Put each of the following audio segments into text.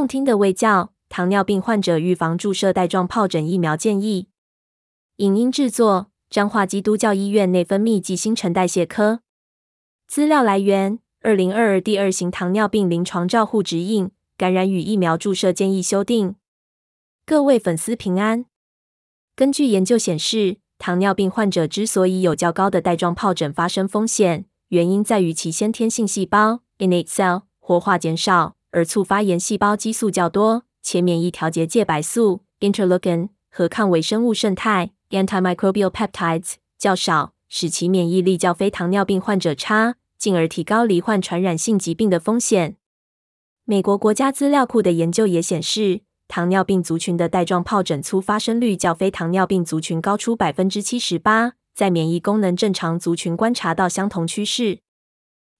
用聽的衛教，糖尿病患者預防注射帶狀疱疹疫苗建議。影音製作：彰化基督教醫院內分泌暨新陳代謝科。資料來源：二零二二第二型糖尿病臨床照護指引，感染與疫苗注射建議修訂。各位粉絲平安。根據研究顯示，糖尿病患者之所以有較高的帶狀疱疹發生風險，原因在於其先天性細胞 （innate cell） 活化減少。而促發炎細胞激素較多，且免疫調節介白素 （interleukin） 和抗微生物胜肽 （antimicrobial peptides） 較少，使其免疫力較非糖尿病患者差，進而提高罹患傳染性疾病的風險。美國國家資料庫的研究也顯示，糖尿病族群的帶狀疱疹粗發生率較非糖尿病族群高出百分之七十八，在免疫功能正常族群觀察到相同趨勢。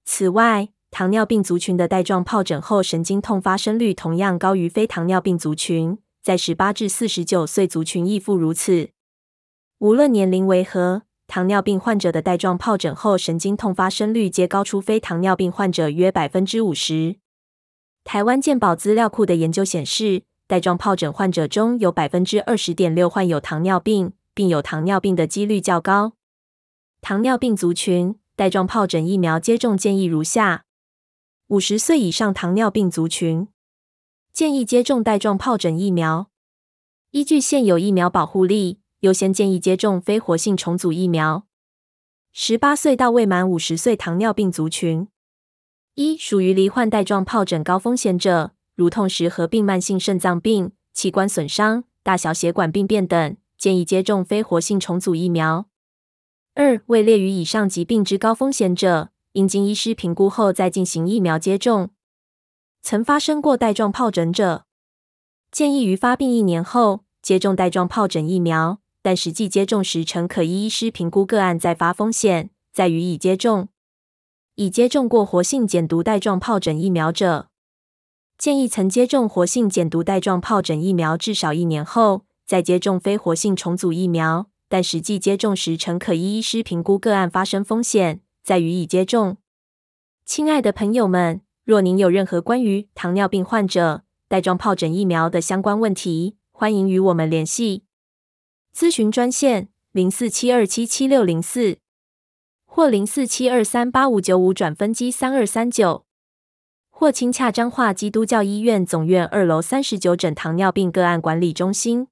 此外，糖尿病族群的帶狀皰疹後神經痛發生率同樣高於非糖尿病族群，在十八至四十九歲族群亦復如此。無論年齡為何，糖尿病患者的帶狀皰疹後神經痛發生率皆高出非糖尿病患者約百分之五十。台灣健保資料庫的研究顯示，帶狀皰疹患者中有百分之二十點六患有糖尿病，併有糖尿病的幾率較高。糖尿病族群帶狀皰疹疫苗接種建議如下。五十歲以上糖尿病族群，建議接種帶狀疱疹疫苗。依據現有疫苗保護力，優先建議接種非活性重組疫苗。十八歲到未滿五十歲糖尿病族群：一、屬於罹患帶狀疱疹高風險者，如同時合併慢性腎臟病、器官損傷、大小血管病變等，建議接種非活性重組疫苗；二、未列於以上疾病之高風險者。應經醫師評估後再進行疫苗接種。曾發生過帶狀疱疹者，建議於發病一年後接種帶狀疱疹疫苗，但實際接種時程可依醫師評估個案再發風險，再予以接種。已接種過活性減毒帶狀疱疹疫苗者，建議曾接種活性減毒帶狀疱疹疫苗至少一年後，再接種非活性重組疫苗，但實際接種時程可依醫師評估個案發生風險。再予以接種。親愛的朋友們，若您有任何關於糖尿病患者帶狀疱疹疫苗的相關問題，歡迎與我們聯繫。諮詢專線：零四七二七七六零四或零四七二三八五九五轉分機三二三九，或親洽彰化基督教醫院總院二樓三十九診糖尿病個案管理中心。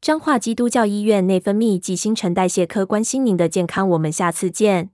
彰化基督教醫院內分泌暨新陳代謝科關心您的健康，我們下次見。